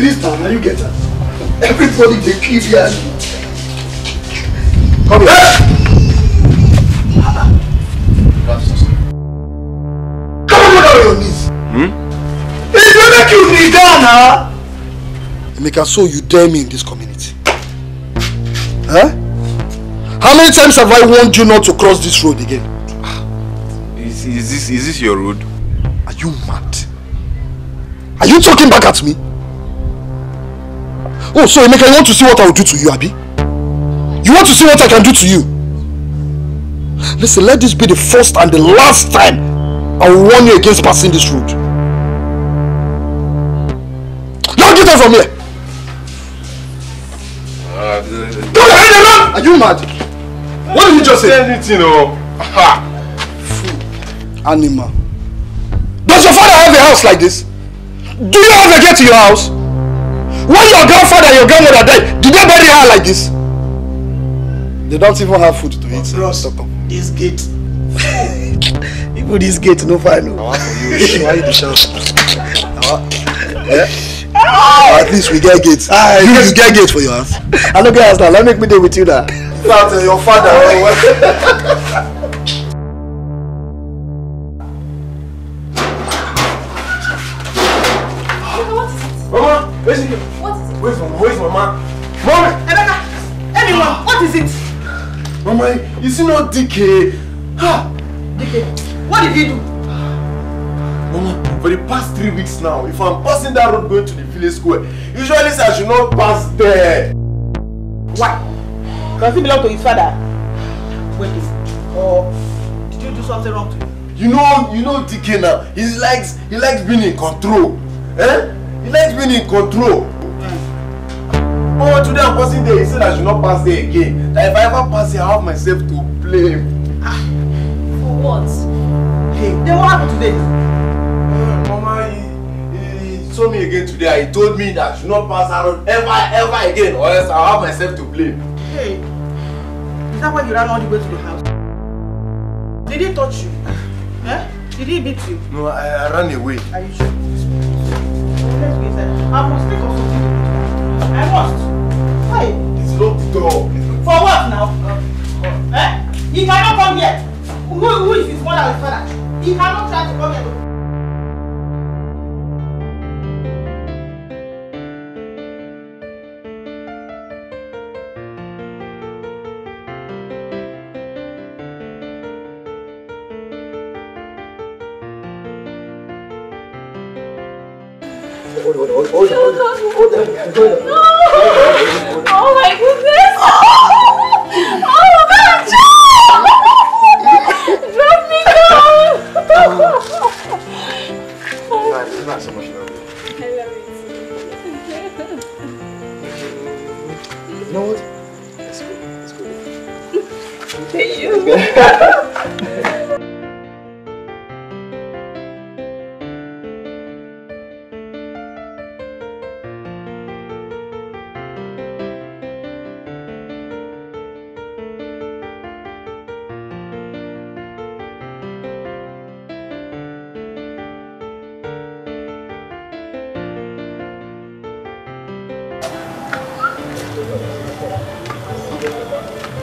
This time, na you get her? everybody dey kill their come here. come on down your knees. Hmm? e go make you kneel down na. Emeka so you dare me in this community. Huh? How many times have I warned you not to cross this road again? Is, is, this, is this your road? Are you mad? Are you talking back at me? Oh, so Emeka, you want to see what I will do to you, Abi? You want to see what I can do to you? Listen, let this be the first and the last time I will warn you against passing this road. Now get out from here! Uh, no, no, Are you mad? What did you just say? Anything, oh. Ha! Fool. Animal. Does your father have a house like this? Do you ever get to your house? When your grandfather your grandmother died, did they bury her like this? They don't even have food to eat. Cross this gate. People this gate no final. Why the chance? Eh? At least we get gates. Ah, you just get gates for your house. I no get house now. Let me make me deal with you Now eh, your father. Eh, poor DK. Ha! DK, what did he do? Mama, for the past three weeks now, if I'm passing that road going to the village square, usually I should not pass there. Why? Does he belong to his father? Wait, or oh, did you do something wrong to him? You know, you know DK now. He likes, he likes being in control. Eh? He likes being in control. Mm. Oh, today I'm passing there. He said I should not pass there again. That if I ever pass there, I have myself to blame. Ah, for what? Hey, then what happened today? Uh, Mama, he, he told me again today. He told me that I should not pass around ever, ever again, or else I'll have myself to blame. Hey, is that why you ran all the way to the house? Did he touch you? eh? Did he beat you? No, I, I ran away. Are you sure? Let's go inside. I must think of something. I must. Why? It's locked door. For what now? Uh, He cannot come here. Who, who is his mother or his father? He cannot try to come here.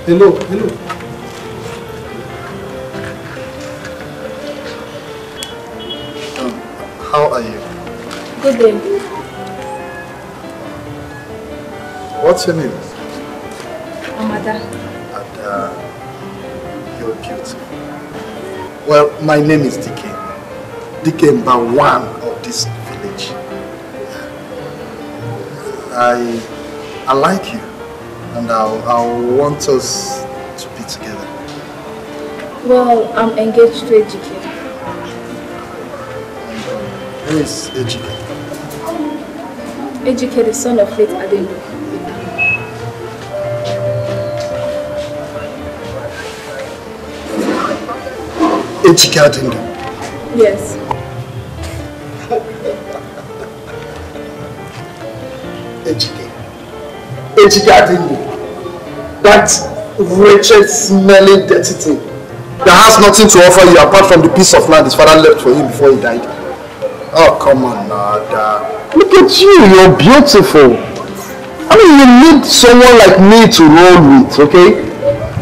Hello, hello. how are you? Good day. What's your name? Amada. Amada. You're beautiful. Well, my name is Dike. Dike Mbawan of this village. I, I like I want us to be together. Well, I'm engaged to Ejike. Who is Ejike? Ejike, the son of late Adenu. Ejike Adenu? Yes. Ejike. Ejike Adenu. that wretched, smelling, dirty thing that has nothing to offer you apart from the piece of land his father left for him before he died. Oh, come on, Nada. Look at you, you're beautiful. I mean, you need someone like me to roll with, okay?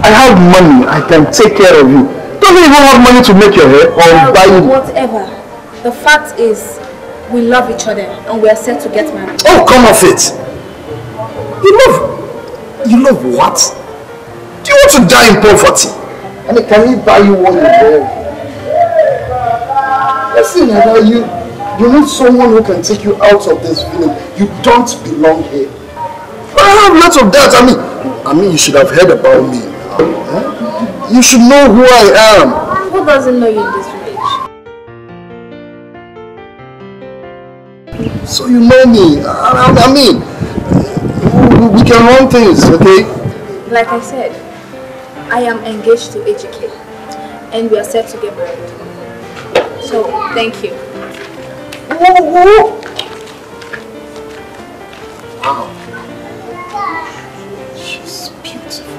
I have money, I can take care of you. Don't you even have money to make your hair or well, buy you? Whatever. The fact is, we love each other and we are set to get married. Oh, come off it. You love You love what? Do you want to die in poverty? And can he buy you what you love? Listen, Ada, you, you need someone who can take you out of this village. You don't belong here. I have lots of that. I mean, I mean, you should have heard about me. You should know who I am. Who doesn't know you in this village? So you know me. I, I, I mean, we, we can run things, okay? Like I said, I am engaged to HK and we are set to get married. So, thank you. Whoa, Wow. She's beautiful.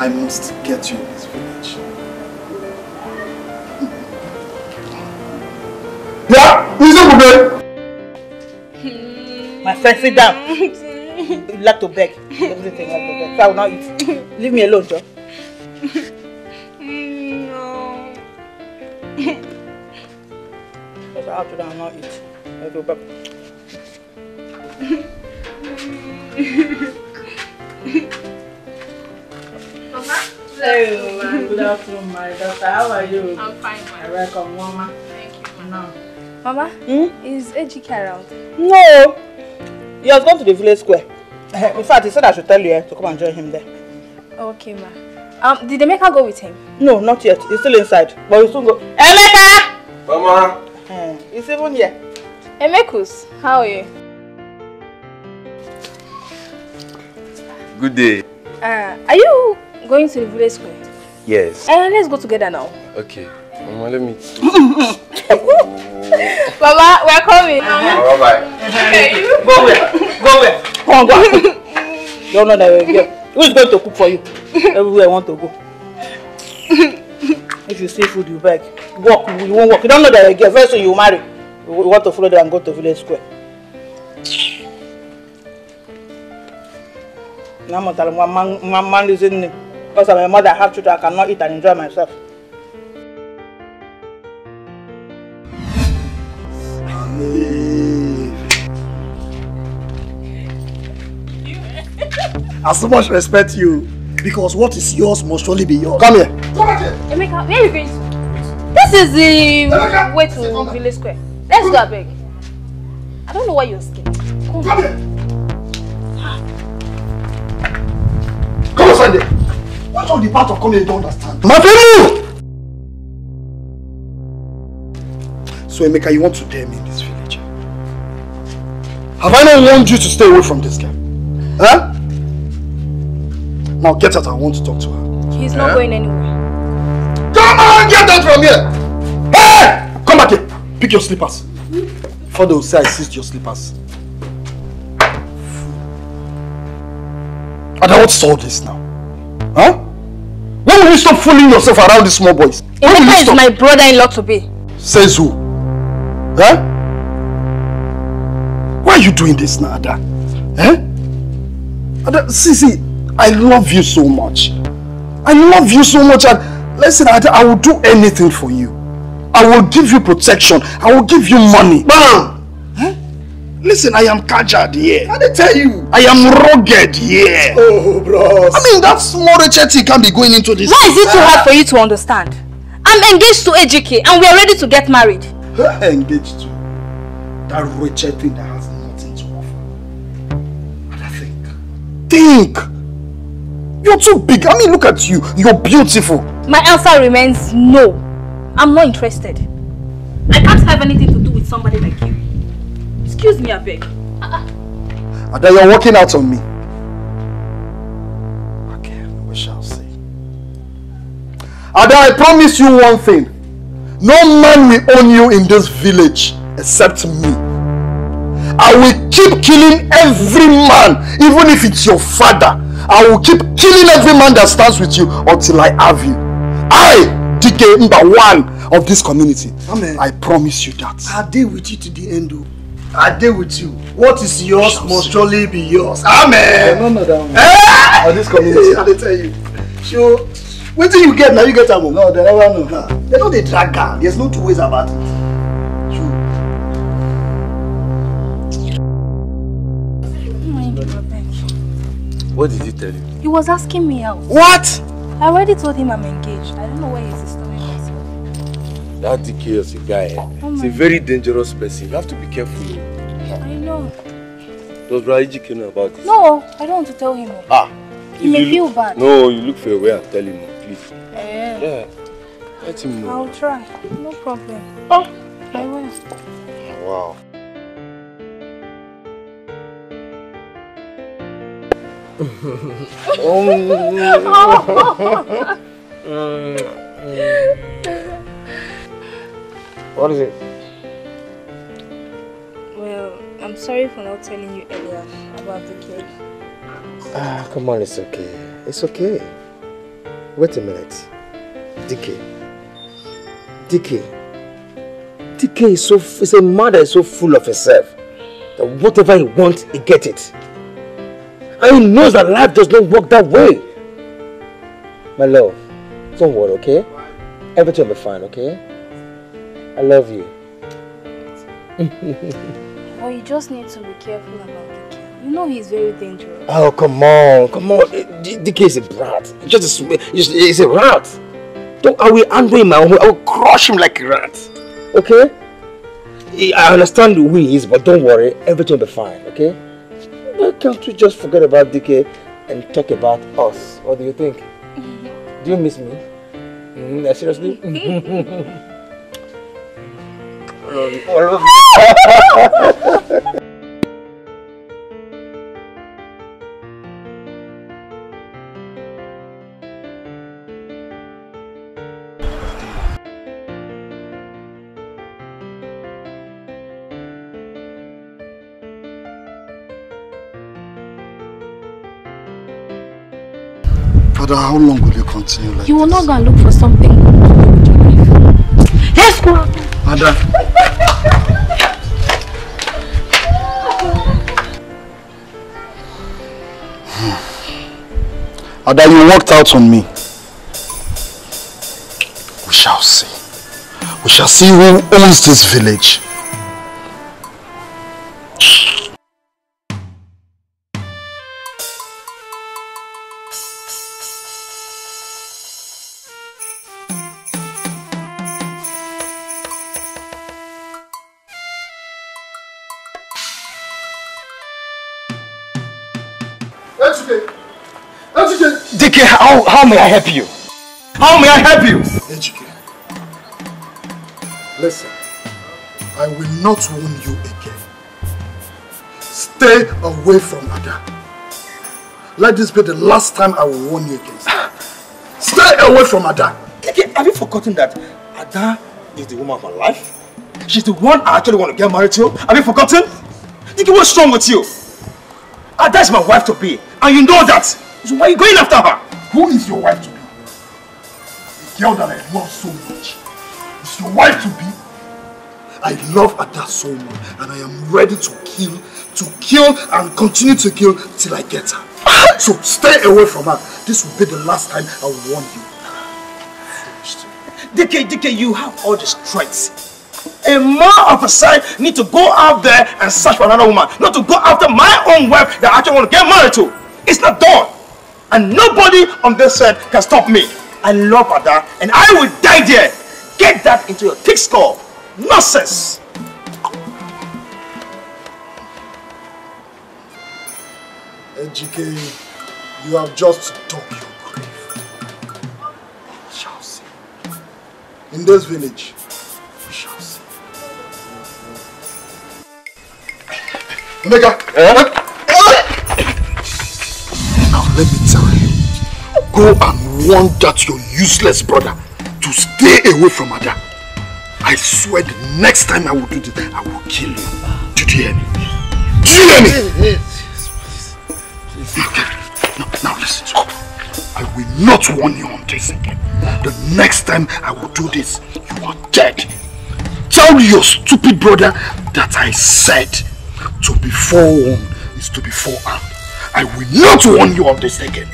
I must get you now. Sit, sit You like to beg. Everything like to beg. So I will not eat. Leave me alone, Joe. No. Mm-hmm. Because I have to, I will not eat. I will beg. Mama? Hello, my good afternoon, my daughter. How are you? I'm fine, Mama. I welcome, Mama. Thank you, Mama. Mama, is Ejika around? No. He has gone to the village square. In fact, he said I should tell you eh, to come and join him there. Okay, ma. Um, did Emeka go with him? No, not yet. He's still inside. But we'll soon go. Emeka! Mama! Hmm. he's even here. Emekus, how are you? Good day. Uh, are you going to the village square? Yes. Uh, let's go together now. Okay. Mama, let me... Baba, we are coming. Oh, bye bye. Go where? Go where? Come on, go. Don't know You're not there. Who's going to cook for you? Everywhere I want to go. If you see food, you beg. Walk, you won't walk. You don't know that you're a girl. First, you marry. You want to follow them and go to village square. Now I'm telling my man, my man is in me. Because I'm a mother, I have children, I cannot eat and enjoy myself. I so much respect you, because what is yours must surely be yours. Come here. Come here. Emeka, where are you going to? This is the Emeka. way to Village Square. Let's go, Abeg. I don't know why you're scared. Come, Come here. Come on, Sunday. What all the part of coming you don't understand? Mapelu! So Emeka, you want to dare me Have I not warned you to stay away from this girl? Huh? Now get out, I want to talk to her. He's yeah? not eh? going anywhere. Come on, get out from here! Hey! Come back here. Pick your slippers. Before they will say I seized your slippers. I don't want to solve this now. Huh? When will you stop fooling yourself around these small boys? Emeka is my brother-in-law to be. Says who? Huh? you doing this now, Ada? Eh? Ada, see, see, I love you so much. I love you so much. And listen, Ada, I will do anything for you. I will give you protection. I will give you money. Bam! Eh? Listen, I am Kajad, here. Yeah. I tell you. I am rugged here. Yeah. Oh, bros. I mean, that small HRT can be going into this. Why is it too hard for you to understand? I'm engaged to AJK and we are ready to get married. Engaged to? That wretched thing that Think. You're too big. I mean, look at you. You're beautiful. My answer remains no. I'm not interested. I can't have anything to do with somebody like you. Excuse me, I beg. Uh -uh. Ada, you're working out on me. Okay, we shall see. Ada, I promise you one thing. No man will own you in this village except me. I will keep killing every man, even if it's your father. I will keep killing every man that stands with you until I have you. I, DK number one of this community, Amen. I promise you that. Are deal with you to the end? Though? Are deal with you? What is yours Shall must surely be yours. Amen. No, no, no. Eh? Of this community. I tell you. so Wait do you get now, you get a move. Oh? No, they never know. They know they drag her. There's no two ways about it. What did he tell you? He was asking me out. What? I already told him I'm engaged. I don't know where he's storing myself. That DK is a guy. Eh? Oh He's a very dangerous person. You have to be careful. I know. Does Braiji know about this? No, I don't want to tell him. Ah. He may feel bad. No, you look for a way and tell him, please. Yeah. Yeah. Let him know. I'll try. No problem. Oh. I will. Wow. what is it? Well, I'm sorry for not telling you earlier about the cake. Ah, come on, it's okay. It's okay. Wait a minute. Dickie. Dickie. Dickie is so is a mother is so full of herself that whatever he wants, he gets it. And he knows that life does not work that way. My love, don't worry, okay? Everything will be fine, okay? I love you. well, you just need to be careful about the kid. You know he's very dangerous. Oh, come on, come on. The, kid is a brat. Just a, just, he's a rat. Don't, I will handle him, I will, I will crush him like a rat. Okay? I understand who he is, but don't worry. Everything will be fine, okay? Why can't we just forget about DK and talk about us? What do you think? do you miss me? Mm, eh, seriously? I love you. I love you. Brother, how long will you continue like You will this? not go and look for something. Let's go. Ada. Ada, you worked out on me. We shall see. We shall see who owns this village. How may I help you? How may I help you? Ejike, listen. I will not warn you again. Stay away from Ada. Let this be the last time I will warn you again. Stay away from Ada. Again, have you forgotten that Ada is the woman of my life? She's the one I actually want to get married to. Have you forgotten? Think what's wrong with you? Ada is my wife to be, and you know that. So why are you going after her? Who is your wife to be? The girl that I love so much. Is your wife to be? I love Ada so much and I am ready to kill, to kill and continue to kill till I get her. so stay away from her. This will be the last time I warn you. DK, DK, you have all the strength. A man of a side need to go out there and search for another woman, not to go after my own wife that I actually want to get married to. It's not done. And nobody on this earth can stop me. I love Ada and I will die there. Get that into your thick skull. Nonsense. GK, you have just dug your grave. We shall see. In this village, we shall see. Omega, eh? let me tell you, go and warn that your useless brother to stay away from Ada. I swear the next time I will do this, I will kill you. Do you hear me? Do you hear me? Yes, yes, please. please. Okay. No, now listen. I will not warn you on this again. The next time I will do this, you are dead. Tell your stupid brother that I said to be forewarned is to be forearmed. I will not warn you of this again.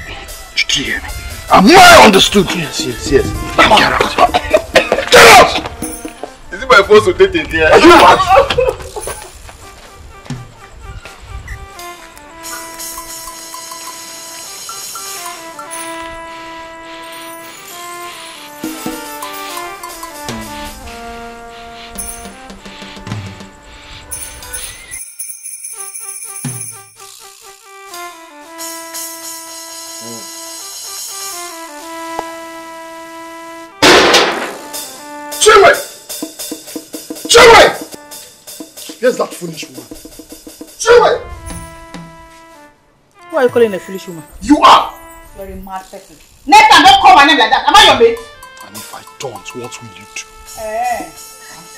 Did you hear me? Am I understood? Yes, yes, yes. Now get out. Get out! Is it my boss to take it there? Are you mad? is that foolish woman? Chiwe! Who are you calling a foolish woman? You are! You're a mad person. Next don't call my name like that. Am I your maid? And if I don't, what will you do? Eh,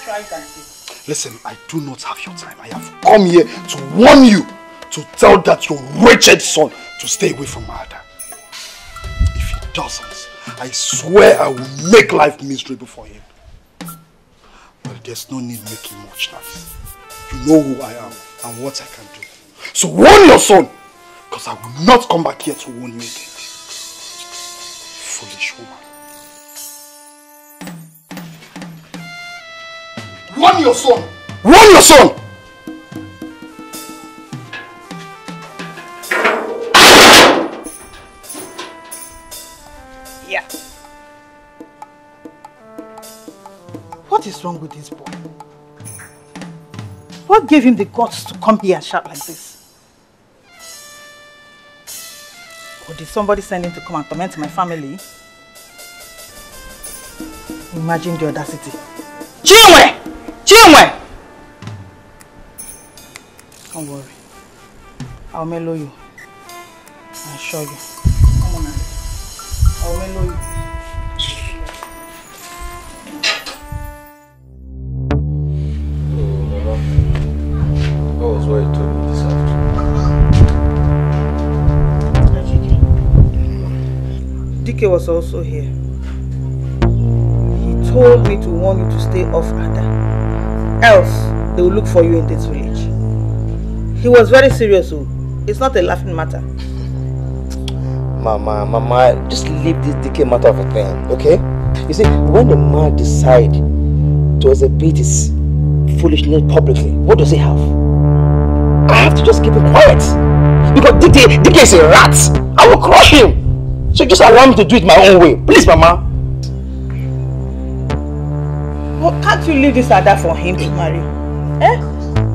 try and see. Listen, I do not have your time. I have come here to warn you to tell that your wretched son to stay away from Ada. If he doesn't, I swear I will make life miserable for him. But there's no need making much noise. You know who I am and what I can do. So warn your son, because I will not come back here to warn you again. Foolish woman. Warn your son! Warn your son! Yeah. What is wrong with this boy? What gave him the guts to come here and shout like this? Or did somebody send him to come and torment my family? Imagine the audacity. Chinwe! Chinwe! Don't worry. I'll mellow you. I assure you. Come on, I'll mellow you. Chike was also here. He told me to warn you to stay off Ada. Else, they will look for you in this village. He was very serious, so oh. it's not a laughing matter. Mama, Mama, just leave this decay matter of a thing, okay? You see, when a man decides to exhibit his foolishness publicly, what does he have? I have to just keep him quiet. Because DK, DK is a rat. I will crush him. So just allow me to do it my own way. Please, Mama. Well, can't you leave this Ada for him to marry? Eh?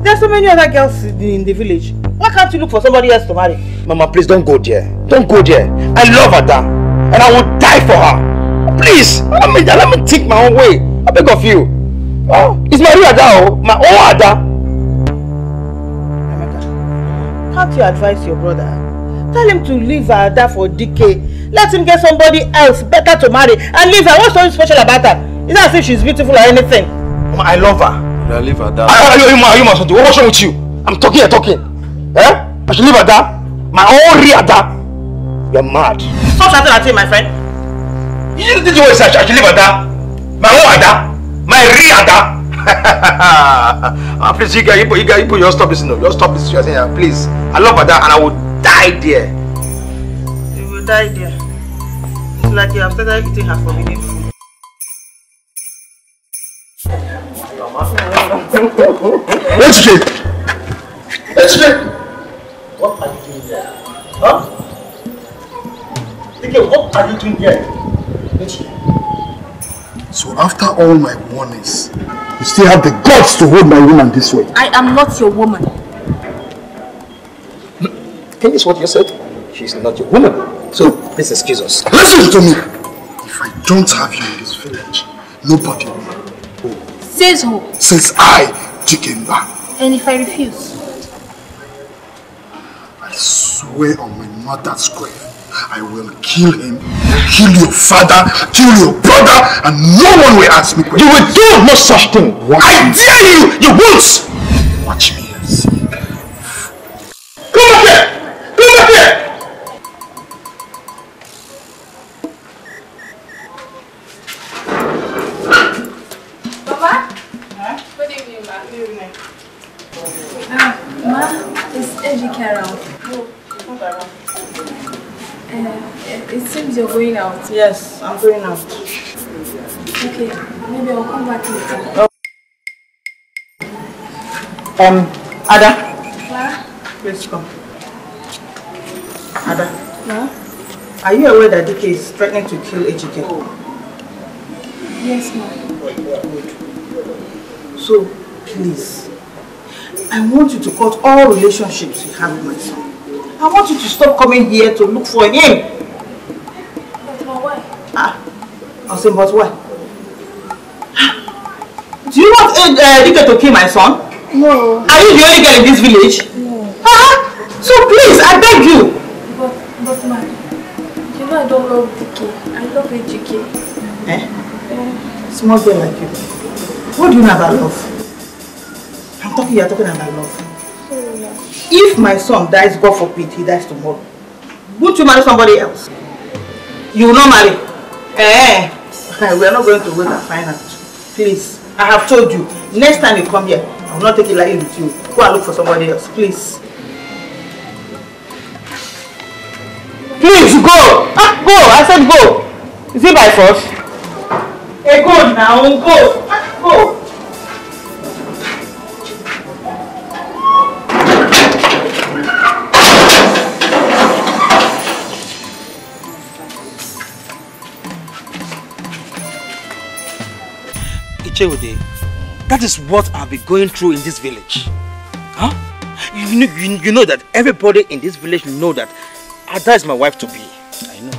There are so many other girls in the village. Why can't you look for somebody else to marry? Mama, please don't go there. Don't go there. I love Ada. And I will die for her. Please, let me, let me take my own way. I beg of you. Oh, it's my real Ada, oh. my own Ada. can't you advise your brother? Tell him to leave Ada for DK Let him get somebody else better to marry and leave her. What's so special about her? It's not as if she's beautiful or anything. I love her. Yeah, leave her down. I, I, you, ma, you, must do What's wrong with you? I'm talking, I'm talking. Eh? I should leave her down. My own rear down. You're mad. Stop shouting at me, my friend. You did the way I should leave her down. My own ada. My rear down. ah, please, you guys, you, you, you, you, you stop this. No, you stop this. please, I love her down and I will die there. die there. It's like you have started eating her forbidden food. What are you doing there? Huh? Again, what are you doing here? So after all my warnings, you still have the guts to hold my woman this way. I am not your woman. Think is what you said? She's not your woman. So, please excuse us. Listen to me. If I don't have you in this village, nobody will. Oh. Says who? Says I, Jikenda. And if I refuse? I swear on my mother's grave, I will kill him, kill your father, kill your brother, and no one will ask me questions. You will do no such thing. Watch I me. dare you, you won't! Watch me, Come up here! Yes, I'm free now. Okay, maybe I'll come back later. Oh. Um, Ada. Clara? Please come. Ada. No? Are you aware that DK is threatening to kill HK? Yes, ma'am. So, please, I want you to cut all relationships you have with my son. I want you to stop coming here to look for him. cousin, but why? Do you want uh, eh, Rika eh, to kill my son? No. Are you the only girl in this village? No. Huh? So please, I beg you. But, but ma, you know I don't love Dike. I love Ejike. Eh? Yeah. Small girl like you. What do you know about love? I'm talking, you're talking about love. Sorry, If my son dies, God forbid, he dies tomorrow. would you marry somebody else? You will not marry. Eh? eh. We are not going to wait and find out. Please. I have told you. Next time you come here, I will not take it lightly with you. Go and look for somebody else. Please. Please go. Ah, go. I said go. Is it by force? Hey, go now. Go. Ah, go. that is what I've been going through in this village. Huh? You, you, you know that everybody in this village know that Ada is my wife to be. I know.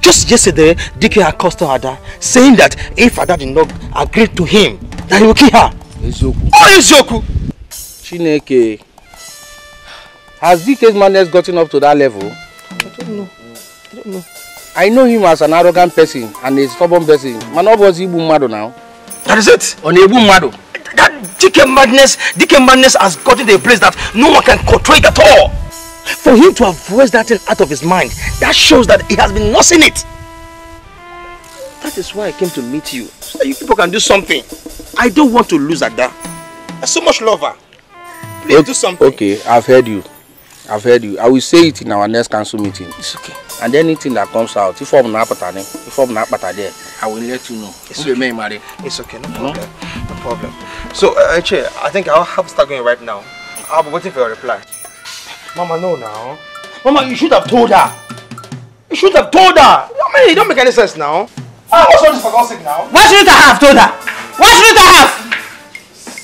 Just yesterday, DK accosted Ada, saying that if Ada did not agree to him, that he will kill her. Ezoku. Oh, Ezoku! Chineke, has DK's manners gotten up to that level? I don't know. I don't know. I know him as an arrogant person and a stubborn person. Man, what was Ibu Mado now? That is it. On a woman. That DK madness, DK madness has gotten to a place that no one can control it at all. For him to have voiced that thing out of his mind, that shows that he has been nursing it. That is why I came to meet you, so that you people can do something. I don't want to lose Ada. I so much love her. Please okay, do something. Okay, I've heard you. I've heard you. I will say it in our next council meeting. It's okay and anything that comes out if I'm not pattern if I'm not there I will let you know it's okay. it's okay no mm-hmm. problem no, no problem so uh, uh I think I'll have to start going right now I'll be waiting for your reply mama no now mama you should have told her you should have told her I mean it don't make any sense now ah, what's all this for God's sake now why shouldn't I have told her why shouldn't I have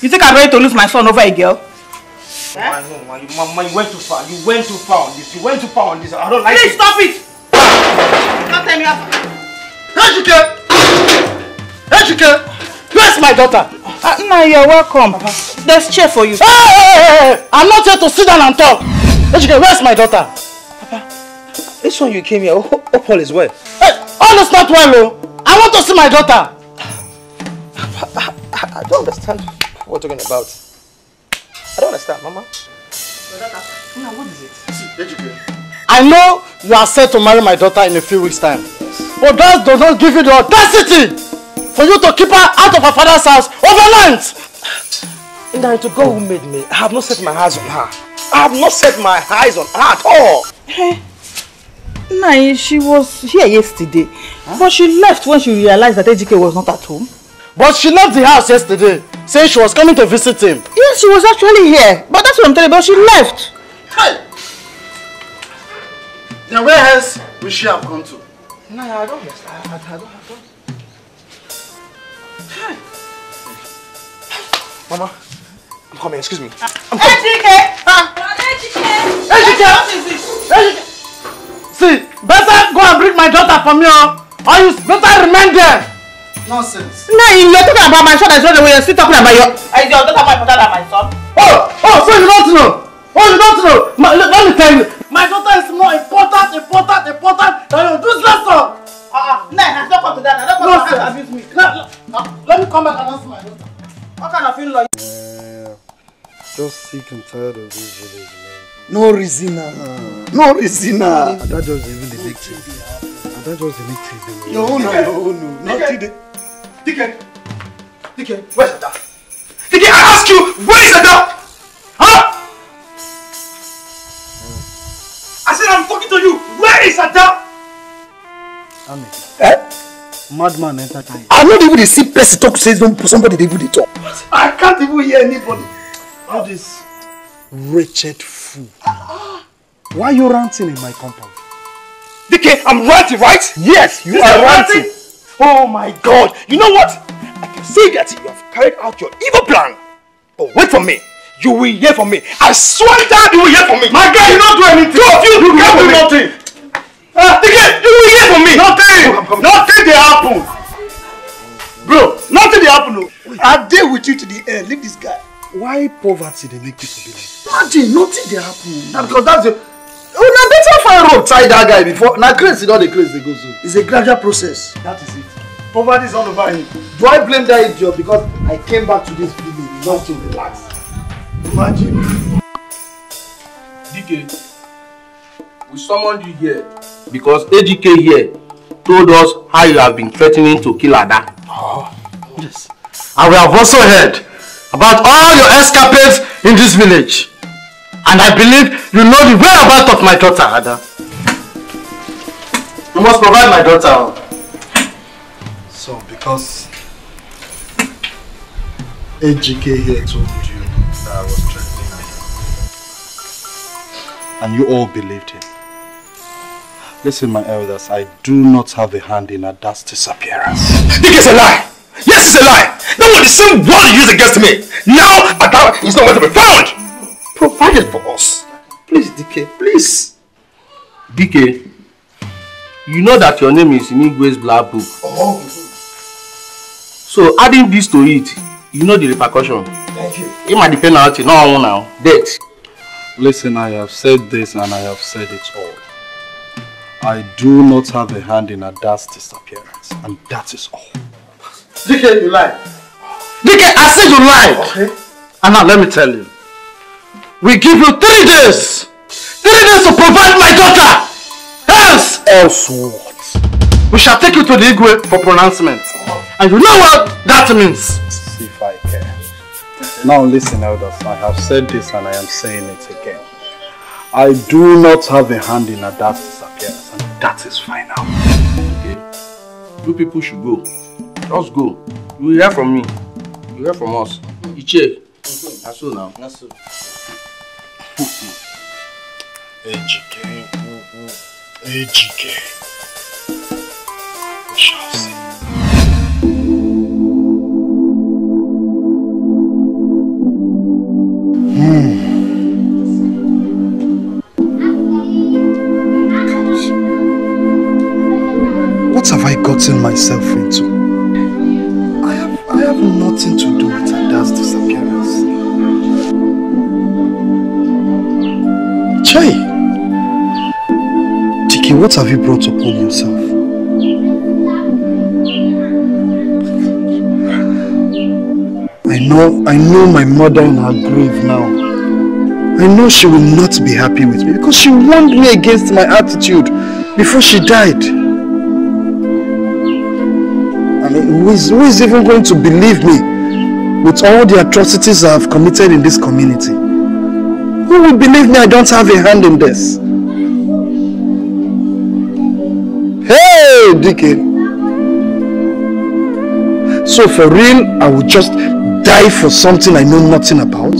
you think I'm ready to lose my son over a girl Mama, no, mama, you, mama, you went too far. You went too far on this. You went too far on this. I don't like Please it. Please stop it. Don't tell Where's my daughter? Uh, Nna, you're welcome. Papa. There's chair for you. Hey, hey, hey, I'm not here to sit down and talk. Ejike, where's my daughter? Papa, this one you came here, Opal is well. Hey, all is not well, oh. I want to see my daughter. I, I, I don't understand what you're talking about. I don't understand, Mama. Your daughter? Nna, what is it? Ejike. I know you are set to marry my daughter in a few weeks' time. But that does not give you the audacity for you to keep her out of her father's house overnight. And I to God who made me, I have not set my eyes on her. I have not set my eyes on her at all. Hey. Nah, she was here yesterday. Huh? But she left when she realized that Ejike was not at home. But she left the house yesterday, saying she was coming to visit him. Yes, she was actually here. But that's what I'm telling you, but she left. Hey! Now where else would she have gone to? No, I don't understand. I, don't, have don't. Mama, I'm coming, excuse me. Ah. I'm coming. Ejike! Ejike! Ejike! See, better go and bring my daughter for me or, oh. or you better remain there. Nonsense. No, you're talking about my son, I saw the way you're still talking about your... Is your daughter my daughter than my son? Oh, oh, so you don't know. Oh, you don't know. My, let me tell you. My daughter is more important, important, important than your useless son. Uh, ah! nah, nah, don't come to that. Don't come no, to that. Abuse me. Nah, nah, ah, let me come back and answer my daughter. What kind of feeling like? you? just sick and tired of this village, man. No reasoner. Uh, ah. no reasoner. That just even the victim. thing. That just the victim. thing. Your own, your own. Not today. Ticket. Ticket. Where's the dog? Ticket, I ask you, where is the dog? I'm talking to you. Where is Adam? Amen. Eh? Madman enter time. I'm not even the see person talk, say somebody they even talk. What? I can't even hear anybody. All this wretched fool. Why are you ranting in my compound? DK, I'm ranting, right? Yes, you this are ranting. ranting. Oh my God. You know what? I can see that you have carried out your evil plan. But wait for me. you will hear from me. I swear that you will hear from me. My guy, you don't do anything. Two of you, you can't do nothing. Uh, again, you will hear from me. Nothing. Come, Nothing They happen. Bro, nothing They happen. No. I deal with you to the end. Leave this guy. Why poverty They make people be like? Imagine, nothing They happen. Na because that's the. Oh, now better find rope tie that guy before. Now crazy, not the crazy. They go so. It's a gradual process. That is it. Poverty is all over him. Do I blame that idiot because I came back to this building not to relax? Magic. DK, we summoned you here because AGK here told us how you have been threatening to kill Ada. Oh, yes. And we have also heard about all your escapades in this village. And I believe you know the whereabouts of my daughter, Ada. You must provide my daughter. So, because AGK here told was threatening And you all believed him. Listen, my elders, I do not have a hand in Ada's disappearance. This is a lie! Yes, it's a lie! That was the same word you used against me! Now, Ada is nowhere to be found! Provided for us! Please, DK, please! DK, you know that your name is in Igwe's black book. Oh. So adding this to it you know the repercussion. Thank you. It might be penalty, not now. Date. Listen, I have said this and I have said it all. I do not have a hand in Ada's disappearance, and that is all. DK, you lie. DK, I said you lie. Okay. And now let me tell you. We give you three days. Three days to provide my daughter. Else, else what? We shall take you to the Igwe for pronouncement. And you know what that means. Uh, now listen elders, I have said this and I am saying it again. I do not have a hand in Adas' appearance and that is final. Okay. You people should go. Just go. You will hear from me. You will hear from us. Iche. That's now. That's so. Ejike. Chelsea. What have I gotten myself into? I have, I have nothing to do with Ada's disappearance. Chai! Tiki, what have you brought upon yourself? I know, I know my mother in her grave now. I know she will not be happy with me because she warned me against my attitude before she died. I mean, who is, who is even going to believe me with all the atrocities I have committed in this community? Who will believe me I don't have a hand in this? Hey, Dickie! So for real, I will just die for something I know nothing about?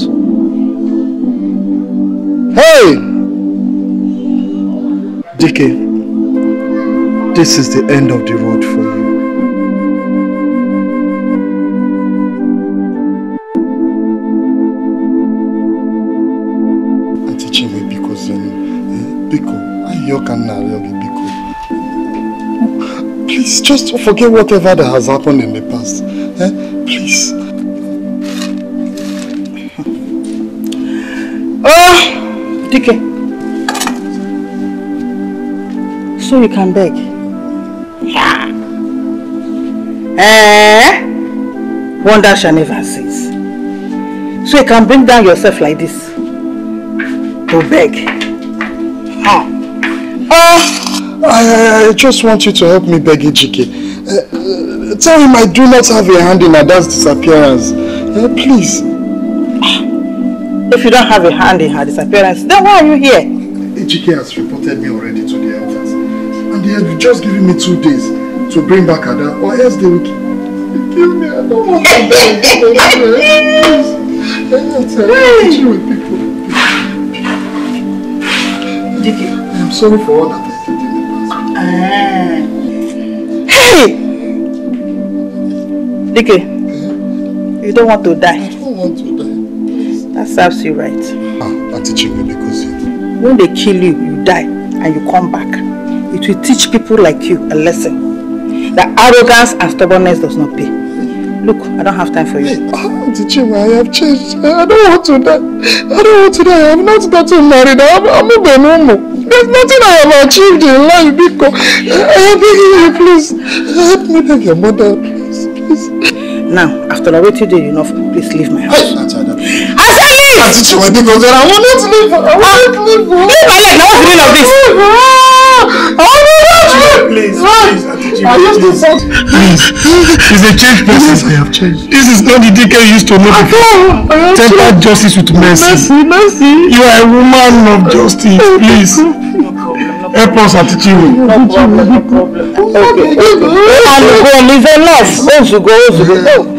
Hey! Dickie, this is the end of the road for you. Please just forget whatever that has happened in the past. Dike. So you can beg. Yeah. Eh? Wonder shall never cease. So you can bring down yourself like this. To beg. Ah. Uh, I, I just want you to help me beg Ejike. Uh, eh, eh, tell him I do not have a hand in Ada's disappearance. Uh, please. Ah. If you don't have a hand in her disappearance, then why are you here? Ejike has reported me already to the elders. And they have just given me two days to bring back Ada, or else they will kill me. I don't want to die. Please, anytime, deal with people. Did I'm sorry for all that I did in the past. Ah. Hey! Dike, you don't want to die. That serves you right. Ah, that teaching will be When they kill you, you die and you come back. It will teach people like you a lesson. That arrogance and stubbornness does not pay. Look, I don't have time for you. Oh, ah, teaching, I have changed. I don't want to die. I don't want to die. I'm not gotten married. I'm, I'm a normal. There's nothing I have achieved in life, because uh, I am begging you, please. Help me beg your mother, please, please. Now, after I waited enough, please leave my house to teach you my big brother. I want not to leave. I want not to leave. Leave my leg. Now what's the meaning of this? I want to Please, please, I used to say. Please, he's a changed person. I have changed. This is not the DK you used to know before. Ah, ah, ah, Temper justice with mercy. Mercy, mercy. You are a woman of justice. Please. Help us at you. No problem, no problem. Okay, okay. And go, Mr. Nurse. Oh, go, oh, go.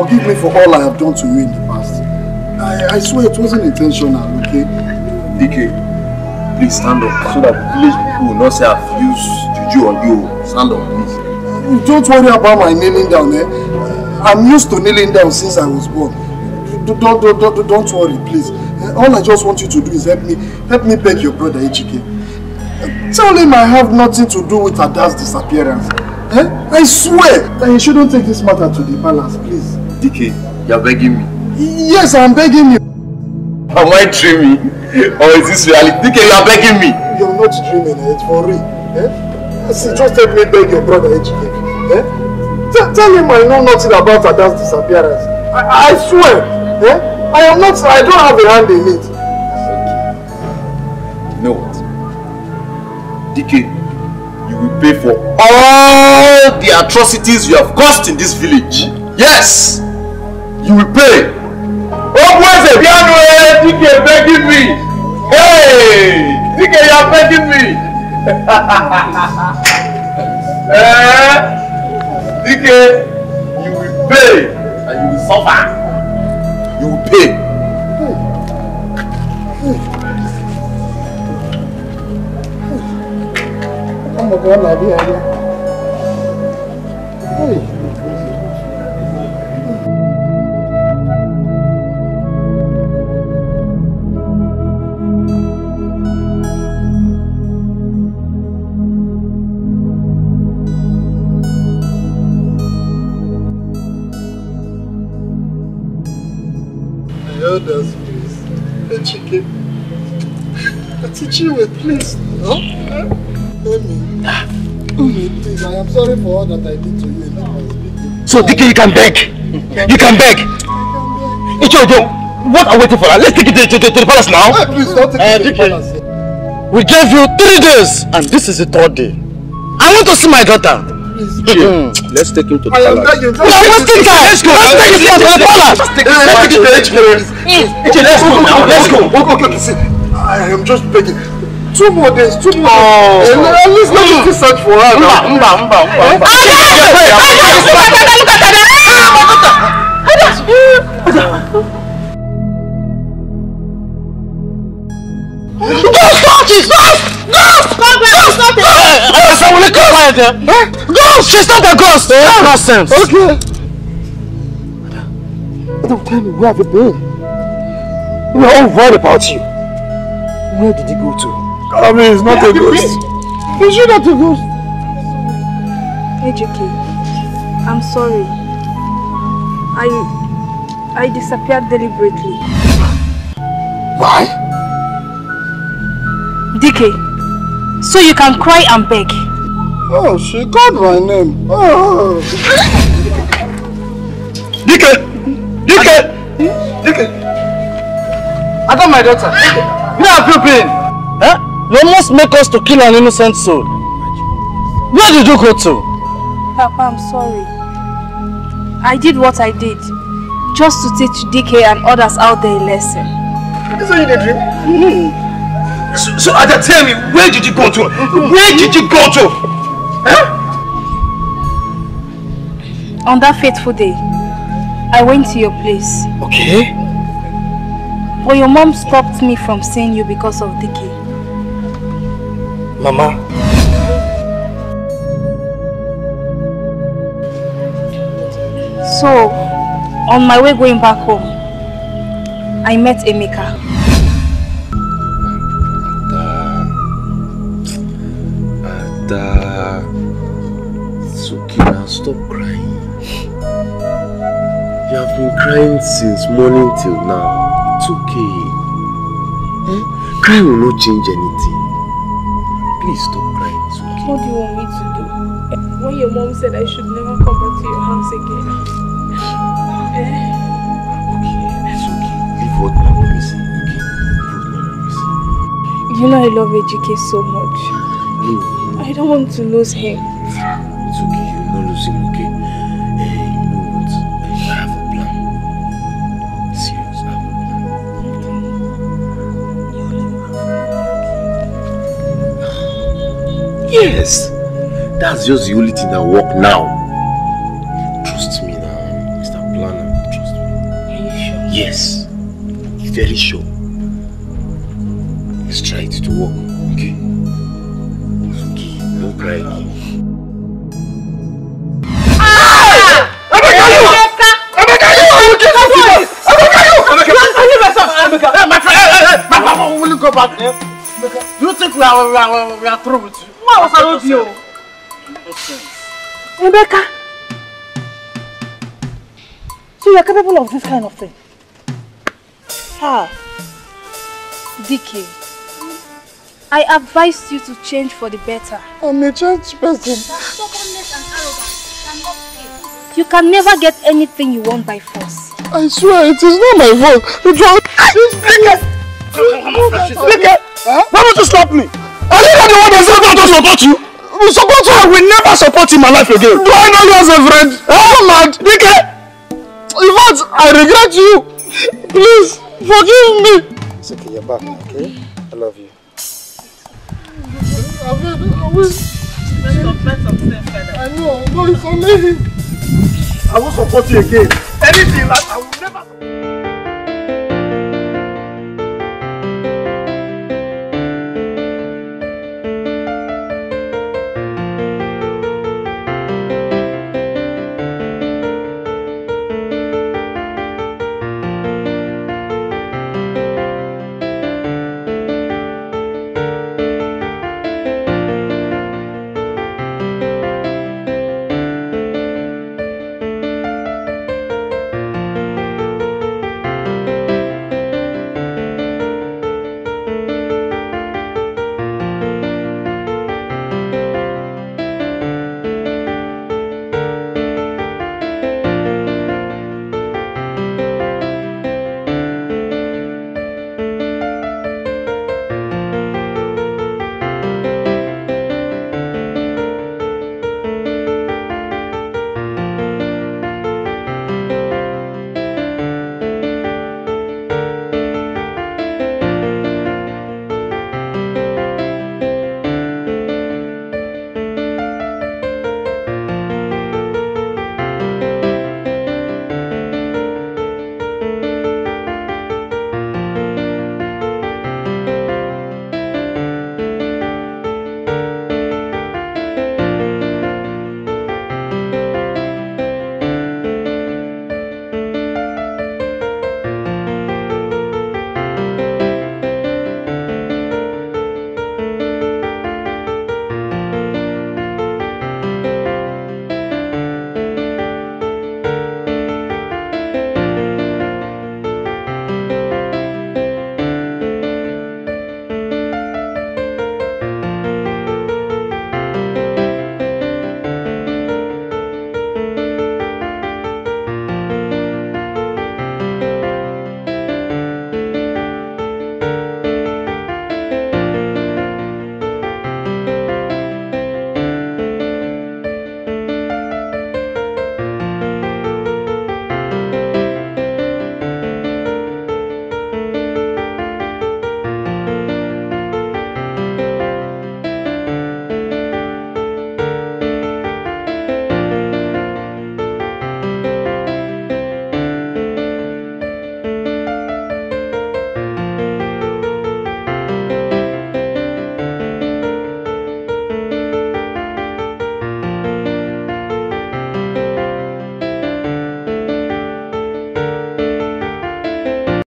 Forgive me for all I have done to you in the past. I, I swear it wasn't intentional, okay? DK, please stand up so that the village people will not say I've used juju on you. Stand up, please. Don't worry about my kneeling down, eh? I'm used to kneeling down since I was born. Don't, don't, don't, don't worry, please. Eh, all I just want you to do is help me, help me beg your brother Ichike. Eh, tell him I have nothing to do with Ada's disappearance. Eh? I swear that he shouldn't take this matter to the palace, please. DK, are begging me. Yes, I am begging you. Am I dreaming? Or is this reality? DK, you are begging me. You are not dreaming, eh? it's for real. Eh? See, just help me beg your brother, HK. Eh? tell him I know nothing about Ada's disappearance. I, I swear. Eh? I am not, I don't have a hand in it. Okay. You know what? DK, you will pay for all the atrocities you have caused in this village. Yes! you will pay. Okwu eze bịa nụ ee dike begging me. Hey, you are begging me. ee eh, dike you will pay and you will suffer. You will pay. Ọmọdé ọ na-abịa abịa. Help please. The Chichiwe, please. Huh? Emi. Emi, please. I am sorry for all that I did to you So, Dicky, you can beg. You can beg. Ichojo, what are we waiting for? Let's take it to, to, to the palace now. please, don't take uh, it to the palace. We gave you three days, and this is the third day. I want to see my daughter. Hmm. let's take him to the palace. I am begging. Let's take him. Let's go. Let's take him to the palace. Let's take him to the palace. Jay, let's go now. Let's go. Okay, okay, see. I am just begging. Two more days, two more oh. days. Oh. At least let me mm. search for her. Mba, eh? mba, mba, mba, mba. Ada! Ada! Look at Ada! Look at Ada! Ada! Ada! Those torches! Those! ghost! Quiet, eh? Ghost! She's not a ghost! Eh? Ah. Nonsense! Okay. Don't tell me, where have you been? We are all worried about you. Where did you go to? I mean, it's not where a ghost. Is she not a ghost? AJK, I'm sorry. I... I disappeared deliberately. Why? DK, so you can cry and beg. Oh, she called my name. Oh. Dike! Dike! Dike! I got my daughter. Where have you been? Huh? You almost make us to kill an innocent soul. Where did you go to? Papa, I'm sorry. I did what I did. Just to teach Dike and others out there a lesson. That's what you did, right? Mm So, so Ada, tell me, where did you go to? Where did you go to? On that fateful day, I went to your place. Okay. But your mom stopped me from seeing you because of Dicky. Mama. So, on my way going back home, I met Emeka. been crying since morning till now. It's okay. Eh? Hmm? Crying will not change anything. Please stop crying. It's okay. What do you want me to do? When your mom said I should never come back to your house again. Eh? Okay, it's okay. Leave what my mom is saying, okay? Leave what my mom is saying. You know I love AJK so much. I don't want to lose him. It's okay. You're not losing him, okay? Yes. That's just the only thing that work now. Trust me now, Mr. Planner. Trust me. Are you sure? Yes. Very sure. Let's try it to work. Okay. okay. Ah! Don't cry. Eh, my friend, eh, eh, my friend, will you go back there? You think we are, we are, we are through with you? nwa awasara obi you. Emeka so you are capable of this kind of thing ha Dike I advise you to change for the better. I'm a changed person. You can never get anything you want by force. I swear, it is not my fault. The drunk. Look at. Look at. Why don't you stop me? Are you not the one that said not to support you? We support you. I will never support you in my life again. Do I know you as a friend? Oh, mad. Dike. In fact, I regret you. Please, forgive me. It's okay, you're back okay? I love you. I will. I know. it's amazing. I will support you again. Anything like I will never.